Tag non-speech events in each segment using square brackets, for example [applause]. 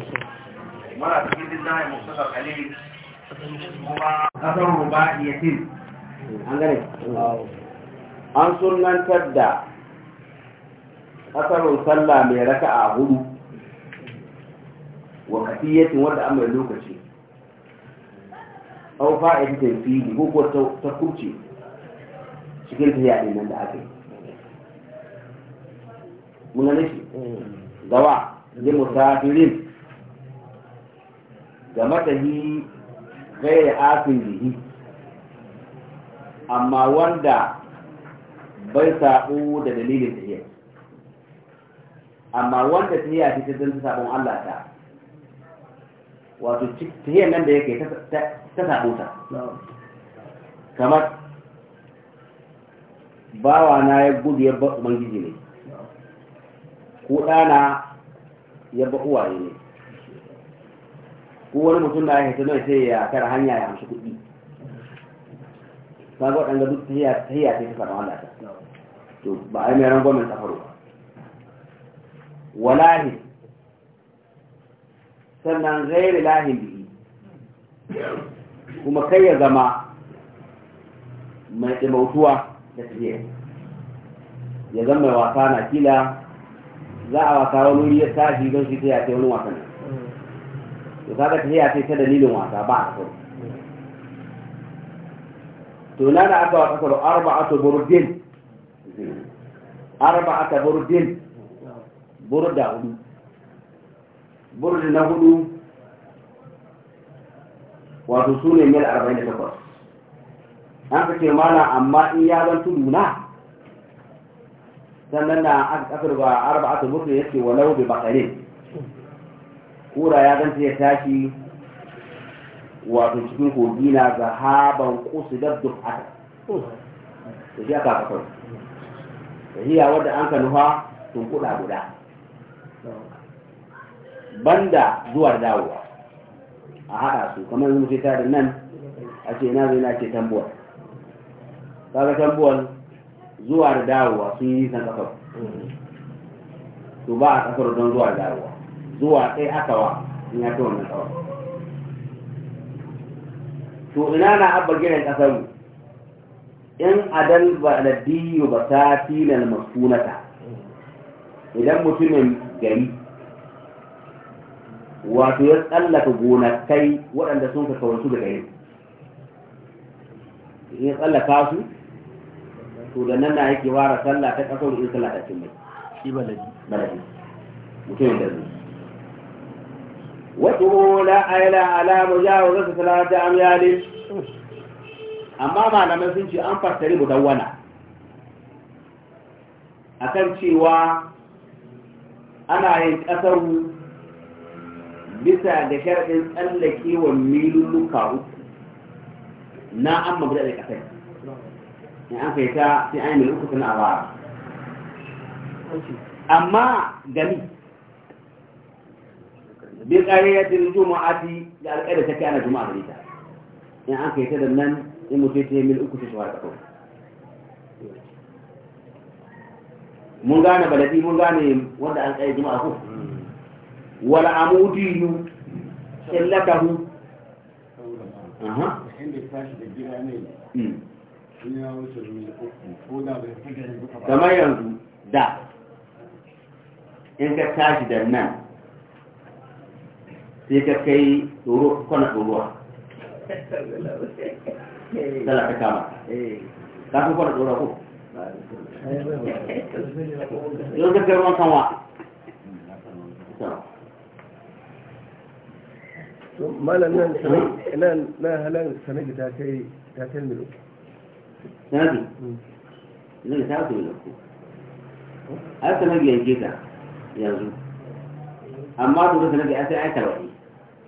muna cikin littafin muktasar khalil kuma kasar rubaiyatin an gane an sunantar da kasarun sallah mai raka a hudu wa kafiyatin wanda an mai lokaci au fa'id tafsiri ko ko ta kurce cikin tafiya din nan da aka yi muna nashi gawa mm. limusafirin ga matahi gaira afin jihi amma wanda bai saɓo da dalilin tafiya amma wanda tafiya ce ta zanta saɓon Allah ta wato tafiya nan da yake ta saɓo ta kamar bawa na ya gudu ya ba ubangiji ne ko ɗana ya ba uwaye ne ko wani mutum da ya hita sai ya kara hanya ya amshi kuɗi ta ga waɗanda duk ta hiya ta fara wanda ta to ba a yi mai rangon mai safaro ba walahi sannan gairi lahin bihi kuma kai ya zama mai ɗimautuwa da tafiya ya zama mai wasa na kila za a wasa wani wuri ya tashi don shi ta yafe wani wasan to kaga tahiya ce ta dalilin wasa ba a kai to na da aka wasa karo arba'atu burdin arba'atu burdin burda hudu burda na hudu wato su ne mil 48 an ka ce mana amma in ya zan tudu na sannan na aka ƙasar ba arba'atu burdin yake walau bi bakarin kura ya ganta ya tashi wato cikin kogi na zahaban kusu da duk aka da shi aka kafar tahiya wadda an ka nufa tun kuɗa guda banda zuwar dawowa a haɗa su kamar yanzu ce tarin nan a ce na zai na ce tambuwar kaga tambuwar zuwa da dawowa sun yi nisan kafar to ba a kafar don zuwa da dawowa zuwa sai aka wa in ya ta wannan tsawon to ina na abba gidan kasar in adal ba biyu ba ta filin masunata idan mutumin gari wato ya tsallaka gonakai waɗanda sun ka kawansu da gari in ya tsallaka su to da nan na yake wara sallah ta kasar in sallah ta cimai shi baladi mutumin gari wasu la aila ala mujawazat salata amyali amma malaman sun ce an fassari a kan cewa ana yin kasar bisa da sharaɗin tsallakewar miluluka uku na an mabuda da ƙasar in an kai ta sai an yi milu uku suna a bara amma gani. bi qariyatil jumu'ati ya alƙada take ana juma'a da ita. in an kai ta da nan in mutum ta yi mil uku ta shawara kawai mun gane baladi mun gane wanda an tsaye juma'a ko wal amudiyu illatahu aha kamar yanzu da in ka tashi da nan sai ka kai tsoro kwana tsorowa tana ka kama ka fi kwana tsorowa ko yau ka kai ruwan kanwa malam nan nan nan sanadi ta kai ta kai milo sanadi mm. ne ta kai milo ai sanadi yanke ta yanzu amma duk sanadi ai sai ai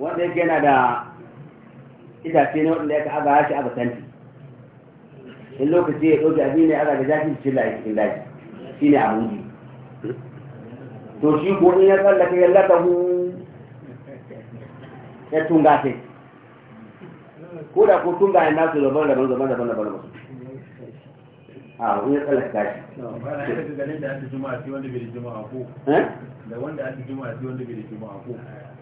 wanda yake yana da itace ne wanda ya aga shi aga tanti in lokaci ya ɗauki abin ne aga da zafi cikin layi cikin daji shi ne abu to shi ko in ya tsallaka ya hu ya tunga sai ko da ko tunga ya nasu daban daban daban daban daban a wani ya tsalaka shi da wanda bai da juma'a ko da wanda ake juma'a sai wanda bai da a ko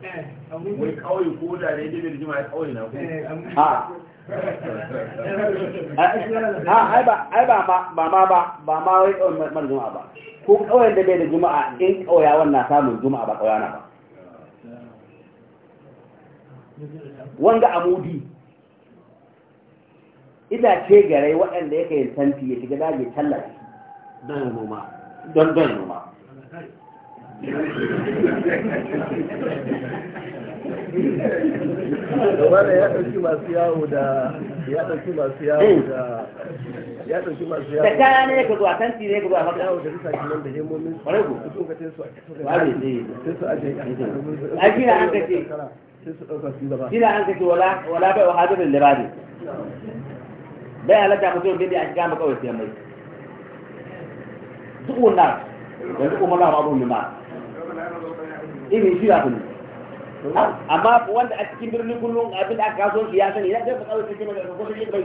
eh? eh, wai kawai ko da ne bai da a kawai na ko eh, [laughs] Ha, ai ba ba ba ma ba ba ma wai kawai mara juma'a ba ko kawai da bai da a in kauyawan na samun juma'a ba kauyana ba wanda amudi itace garai waɗanda yake yin santi ya shiga daji tallafi don noma don don noma wanda ya ɗauki masu yawo da ya ɗauki masu yawo da ya ɗauki masu yawo da kaya ne ka zuwa tanti ne ka zuwa maka yawo da bisa kinan da hemomin su sun ka tesu a kasar da sai su ajiye a gina an kace sai su ɗauka su gaba gina an kace wala wala bai wa hadirin libadi bai halatta mutum bai a shiga makawai sai mai duk wannan yanzu kuma na abu ne ma irin shi ya fi amma wanda a cikin birnin kulu abin da aka kaso shi ya sani ya ga kawai sai mai ko sai bai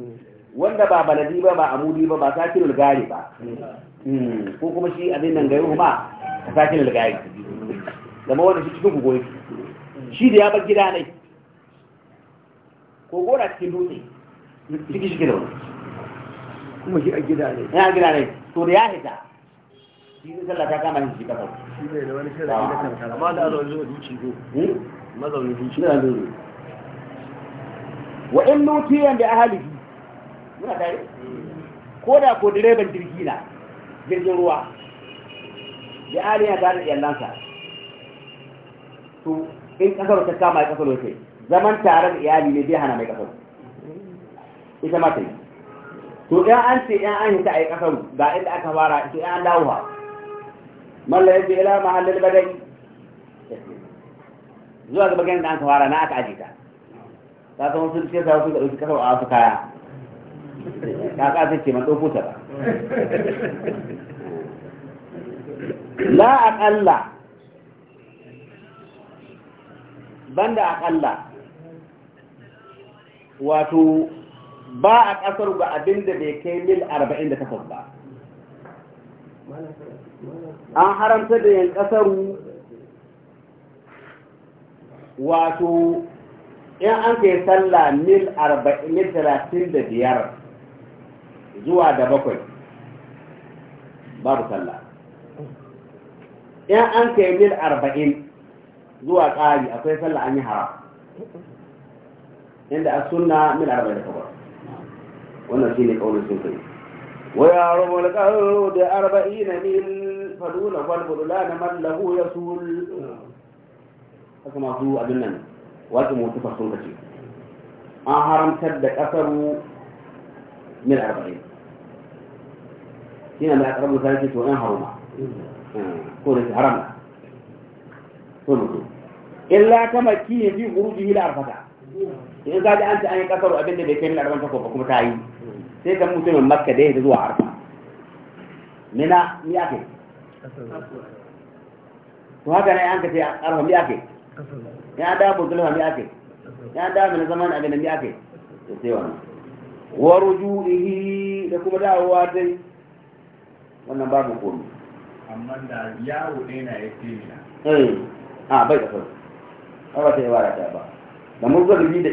wanda ba baladi ba ba amudi ba ba sakin algari ba hmm, ko kuma shi abin nan gayu ma sakin algari, zama wanda shi cikin kugoyi shi da ya bar gida ne ko gora cikin dutse ciki shi gida kuma shi a gida ne ya gida ne to da ya hita shi ne sallah ta kama shi kasa shi ne da wani shirin da kankara amma da azo zuwa duci go hmm? mazaunin duci wa in nutiyan da ahalihi muna tare ko da ko direban jirgi na jirgin ruwa ya ali ya tare da iyalansa to in kasar ta kama ya kasar wace zaman tare da iyali ne bai hana mai kasar ita ma ta yi to ya an ce ya an hita a yi kasar ga inda aka fara ita ya an dawo malla mallar yadda ila mahallin badai zuwa ga bagin da an fara na aka ajiye ta ta san wasu ce sa wasu da ɗauki kasar a wasu kaya kaka sai ce matso ɗauko ba la aƙalla banda aƙalla wato ba a ƙasar ba abin da bai kai mil 48 ba an haramta da yin ƙasaru wato in an kai sallah mil 35 zuwa da bakwai babu sallah in an kai mil arba'in zuwa ƙari akwai sallah an yi haram inda a sunna mil arba'in da kabar wannan shi ne ƙaunar sun kai waya rubu alƙaru da arba'in na mil faduna falbudula na mallahu ya sul haka masu abin nan wata mutu fasun kace an haramtar da ƙasaru من أربعين هنا ما أقرب ثلاثة وأنا هرمى كون هرمى إلا كما كي في خروجه إلى أربعة إن قال أنت أن يكسر أبن دي كامل أربعين تقوى فكما تعيين سيكا من مكة دي تزوى عرفة منا مياكي وهكذا أنت في أربعة مياكي يا دابو تلوها مياكي يا دابو من زمان أبن مياكي يسيوانا wa rujuihi da kuma dawowa dai wannan babu komai amma da yawo ne na yake mina eh a bai da kai ba ta yi wara ta ba da murzalibi da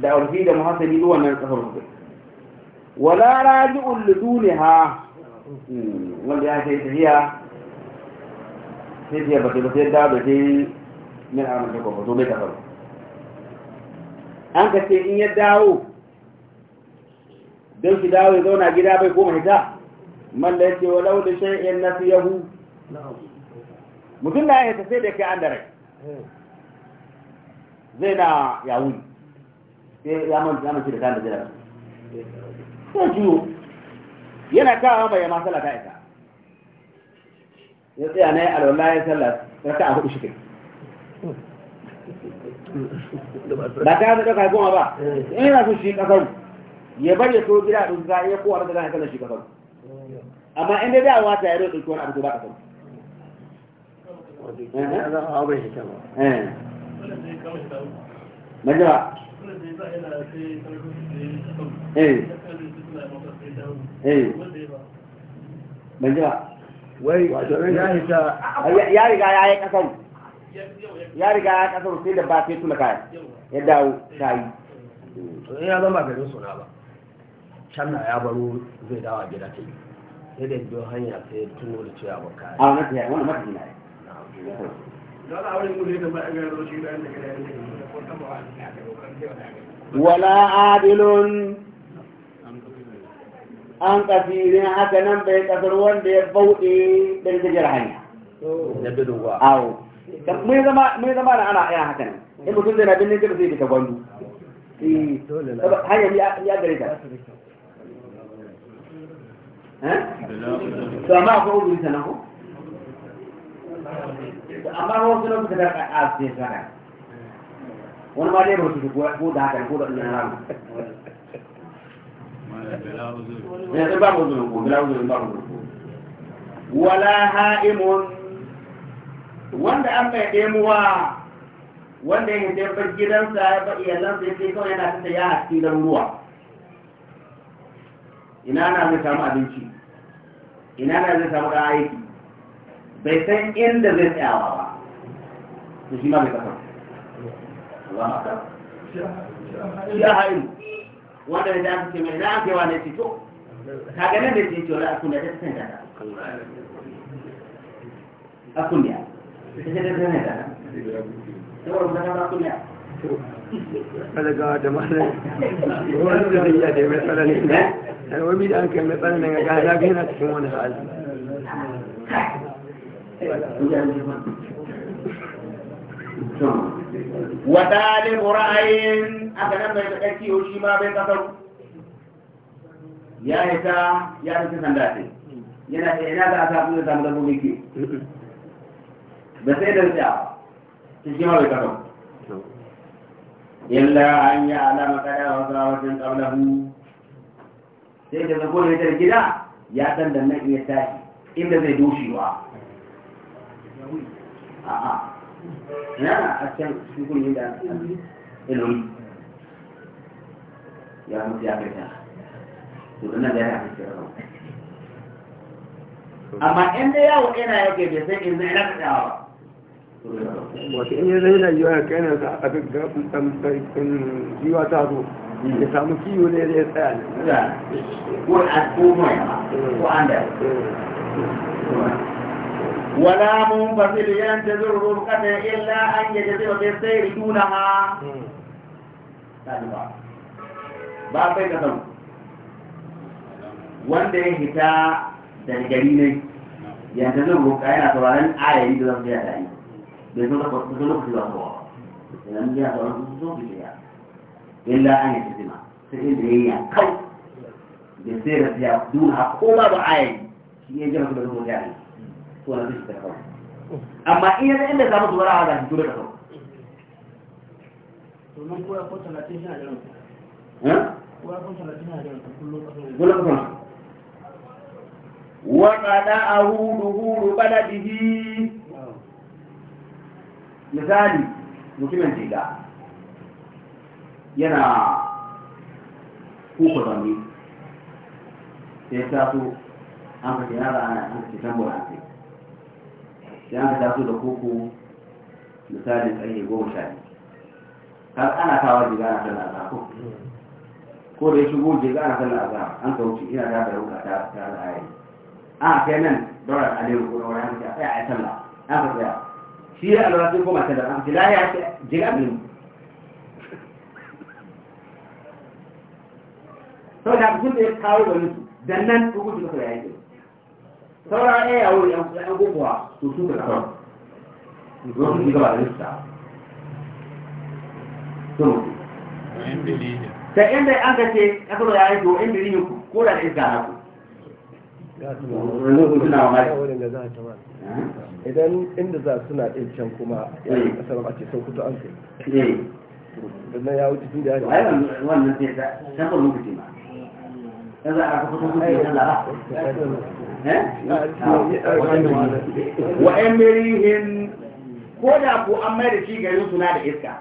da urfi da muhasabi duk wannan kafar ku wala raji'ul lidunha hmm, wanda ya sai tafiya sai tafiya ba sai ba sai da ba sai min amalin ko ba to bai kafar an ka ce in ya dawo don ki dawo ya zauna gida bai koma hita man da yake wa lauda shay'in yahu, mutum na ya tafi da kai an da rai zai na ya sai ya man ya man da kan da jira sai jiyo yana kawo bai yama sallah ta ita ya tsaya ne alwala ya sallah ta a hudu shi kai ba ta da kai goma ba eh. in yana so shi kasar ya bar ya so gida ɗin ka ya kowa da zai kallon shi kasar amma in dai dawa ta yaro ɗauki wani abu to ba kasar eh. eh. Wai, ya riga ya yi kasar. Ya riga ya kasar sai da ba sai tula kaya. Ya dawo ta yi. Ya zama garin suna ba. can na ya baro zai dawa gida ta yi sai da biyo hanya sai tun da cewa ba kaya a wani ya wani mafi na yi wala adilun an kafi ne haka nan bai kasar wanda ya bauɗe da gajar hanya na bidowa awo mai zama da ana aya haka nan in mutum zai na bin ne zai fita gwandu eh, hanyar ya gare ta to amma akwai uzuri sanan ko amma wasu lokuta da ka a sai sana wani ma dai ba su ko da haka ko da ɗin rana ne ba mu uzuri ko bila uzuri ba mu uzuri wala ha'imun wanda an bai ɗemuwa wanda ya hidar gidansa ya ba iyalansa ya ce kawai yana ta ya haske da ruwa ina na zai samu abinci ina na zai samu da aiki bai san inda zai tsayawa ba to shi ma bai kafa shi a wanda da aka ce mai na aka yi na ne ce ganin da ce ce wani akun da ta san da akun ya ta ce da ta san da akun ya alaga da malam wani da zai da matsala ne na alwami da an kai matsala ne ga gada ga yana cikin wani hali wadali ra'ayin aka nan bai taɓa kiyo shi ma bai kasar ya yi ta ya fi cikin dace yana da yana da aka kuma samu da kuma ke ba sai da ta ta shi ma bai kasar illa an yi alama kada wasu wajen ƙaunahu sai da zago da ya gida ya san da nan iya tashi inda zai doshewa a'a na a can shukun yin da ilimi ya mutu ya kai ta to nan da ya fi kira amma inda yawo ina yake bai san inda ina kaɗawa ba wata in yanzu yana yiwa ya kai na a kan jiwa ta zo ya samu kiwo ne zai tsaya ne ko a koma ko an da ولا منفصل ينتظر yi إلا أن يجزئ بالسير دونها ba bai ka san wanda ya hita da gari ne yanzu zan roƙa yana sauraron ayayi da zan biya da yi بذنوب الوقوع الأنبياء ظلموا بذنوب الإياء إلا أن يجزم فإن هي قوي بصير فيها دونها قوة وعين هي جمع بذنوب الإياء ولا بيش تكون أما إن إلا إذا مصر ولا هذا جمع تكون ومن قوة قوة 30 سنة جمع ها؟ قوة قوة 30 سنة جمع كل قصر وقد أهوده بلده misali mutumin jiga yana kuka zambi sai ta so an ka na da ana an ka tambo an sai an ka so da koko misali tsaye goma sha biyu kan ana kawo jiga na sallar azhar ko ko da ya shigo jiga na sallar azhar an ka ina da da wuka ta ta da ayi a kai nan dora aliyu ko wani hanci ya tsaya a yi sallah an ka tsaya shi ya alwala sun koma ta da abdullahi ya ce jiga ne sau da abin da ya kawo da nusu dan nan su gudu suka yayi saura ɗaya ya wuri yan su su da kawo wasu su ba da nusu ta ta inda an ka ce kasar ya yi to inda rihin ko da iska na ku Eh? idan inda za suna ɗin can kuma ya yi eh. ƙasar ba ce sun kuto an kai eh. ya wuce tun da ya ce wannan sai ta shafa lokaci ba za a kafa da wa emirihin ko da ku an mai da shi suna da iska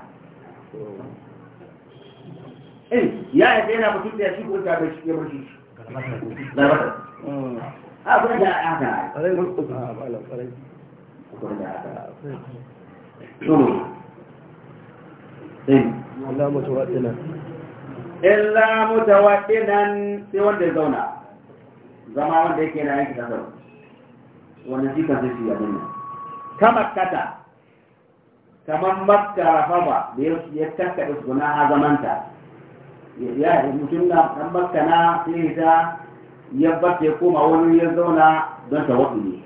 ya yi yana mutum ya shi ko ta shi abin da aka sai wanda ya zauna zama wanda yake na yanki kasar wanda shi kan zai abin nan kamar kata kamar makka rafama ya kakkaɗe mutum na makka ya bace ya koma wani ya zauna don ta wadu ne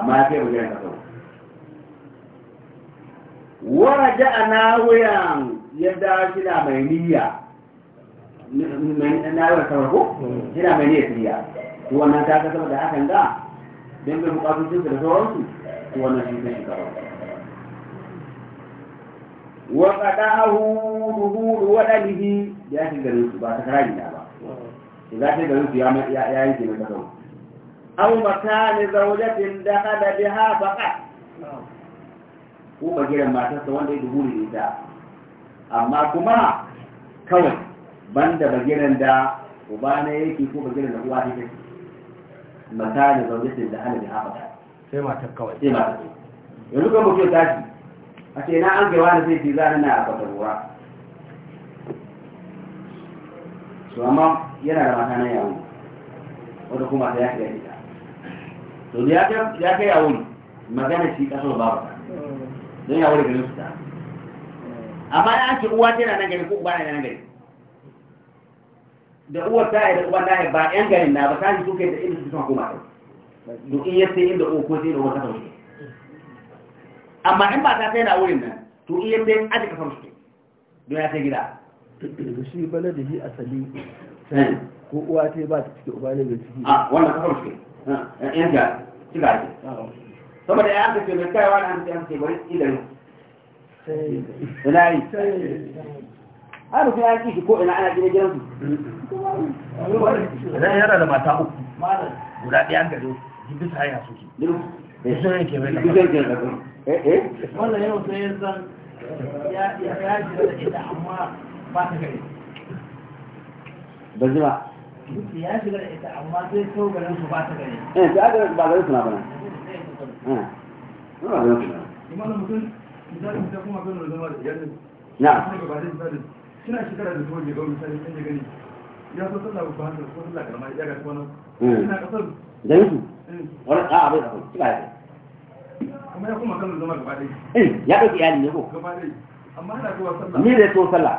amma ya kai bugiran kasau wara ji a nahuyan yadda shi na mai niyya na kawar ko shi na mai niyya niyya to wannan ta ga da hakan ga don bai bukatu cinsu da sauransu to wannan shi zai shiga wa qadahu duhur wa dalihi ya shiga ba ta karani ba da إذا كان يوسف يا ينتهي من كذا أو مكان da دخل bi فقط ko ba gidan matarsa wanda ya dubu da ita amma kuma kawai ban banda bagiran da uba na yake ko bagiran da uwa take mata da zaujatin da hana da haɓaka sai matar kawai sai matar yanzu kan mutum tashi a ce na an gaiwa da zai fi zanen na a kwatarwa to amma yana da mata na yawo wanda kuma ta ya kai ita to ya ya kai yawon magana shi kasar ba don yawon da garin su ta amma ya ake uwa tana nan gari ko uba na nan gari da uwar ta yi da uban na ba yan garin na ba ta yi suke da inda su kuma koma to in yace inda uwa ko sai da uwa ta tafi amma in ba ta sai na wurin nan to iya sai an aje ka farko don ya sai gida shi baladihi asali ko uwa ta ba ta ciki uba ne bai ciki a wannan kafar shi yan ga cika ce saboda ya aka ce mai kaiwa na an ce bari idan ina yi har kuma ya kishi ko ina ana gina gidan su idan yana da mata uku guda ɗaya ga zo bisa ya suke bisa yake mai lafiya wannan yau sai ya san ya ya ya da ita amma ba ta ya shiga da ita amma sai so garin su ba ta gari eh sai aka ba garin su na bana eh, eh. ba na imanu mutum misali mutum kuma kan rulama da iyalin na ba da misali suna da zuwa gaba da ya so sallah ba hankali ko sallah karama ya ga kuma suna hmm. kasar hmm. da a abai da kuma kuma ya kuma kan rulama gaba eh, ya ɗauki iyali ne ko gaba amma ana zuwa sallah ne da ya sallah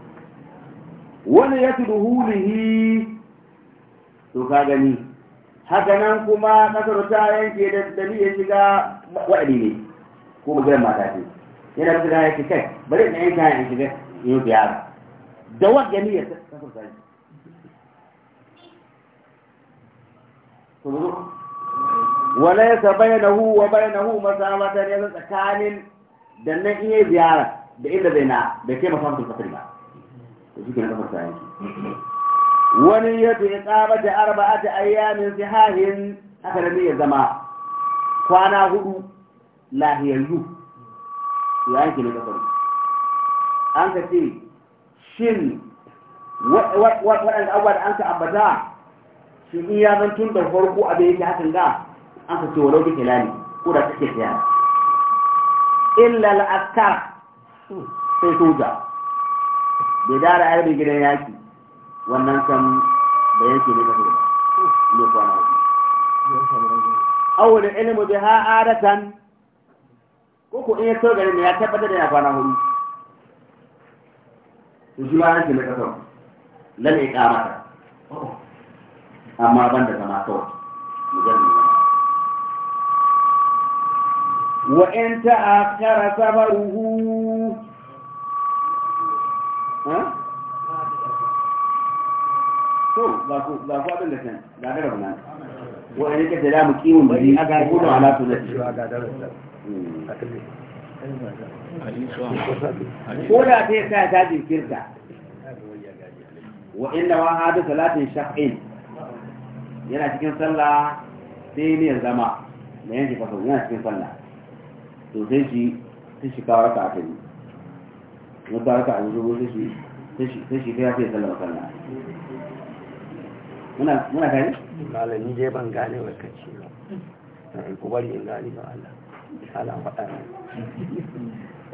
wani ya fi ruhulihi to ka gani haka nan kuma kasar ta yanke da dani ya shiga waɗani ne ko maganar mata ce yana da ya ce kai bari na yanka ya shiga yau da yara da gani ya kasar ta yanke wala ya saba da hu wa bai na hu masama ya ne tsakanin da na iya ziyara da inda zai na bai kai masamtar da ba da shi wani ya tuyi tsaba da arba'a da ayyamin sihahin aka da ya zama kwana hudu lahiyayyu su ya yanke ne an ka ce shin waɗanda abuwa da an ka ambata shi in ya zan tun da farko abin yake hakan ga an ka ce walau duka lani ko da take tsaya illa al'askar sai soja bai dara harbi gidan yaki wannan kan da yake ne kafin ne kwana awon awul da ha adatan ko ko in ya so garin ya tabbata da ya kwana hudu su shi ma yanke ne kafin lalle iqama amma ban da zama kawai mujallu wa in ta'akkara safaruhu ha to ba ku ba abin da kan da gara ba wa ne ka da mu kiwon bari a ga ku da ala to da shi ko da ta yi sa ta jinkirta wa inda wa hadu salatin shaf'in yana cikin sallah sai ne zama da yanki fasa yana cikin sallah to sai shi ta shi kawar ta a kai na baraka a zuwa ta shi ta ya fiye sallama sallah muna gani? malami dai ban gane wai kace ba eh, ku bari in gani ba Allah ala faɗa ne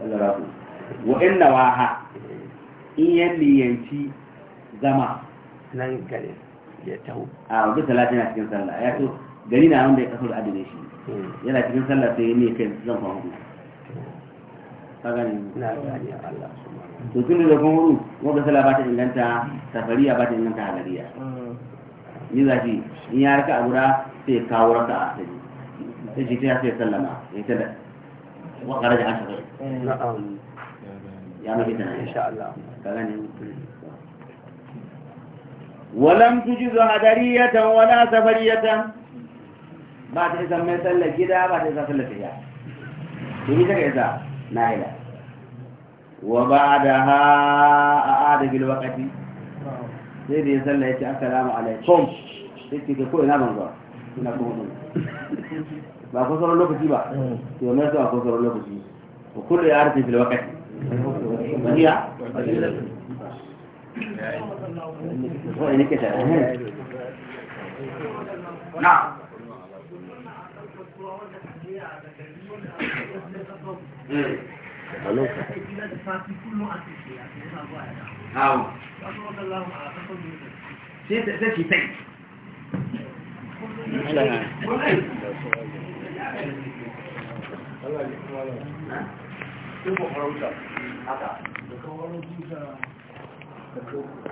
Allah rabu wa inna waha in ya liyanci zama nan gare ya taho a wajen talatin na cikin sallah ya to gari na wanda ya kaso da adane shi hmm. yana cikin sallah sai ne kai zan fahimta tsagani to tun da kuma ruru kuma ba sala ba ta inganta safariya ba ta inganta halariya mm. ni za shi in ya raka a guda sai kawo raka a asali sai shi ta sai sallama ya ta da wa kare da hasha bai ya mafi ta nan insha Allah ka gani walam tujizu safari ya ta ba ta isa mai sallar gida ba ta isa sallar tafiya to ni ta ka isa na'ila wa أعاد sai da ya zalla ya ce assalamu alaikum sai kuma zuwa ba ko sauran lokaci ba sauran lokaci ya fil na Hello. sati kullum a ya yana kuma da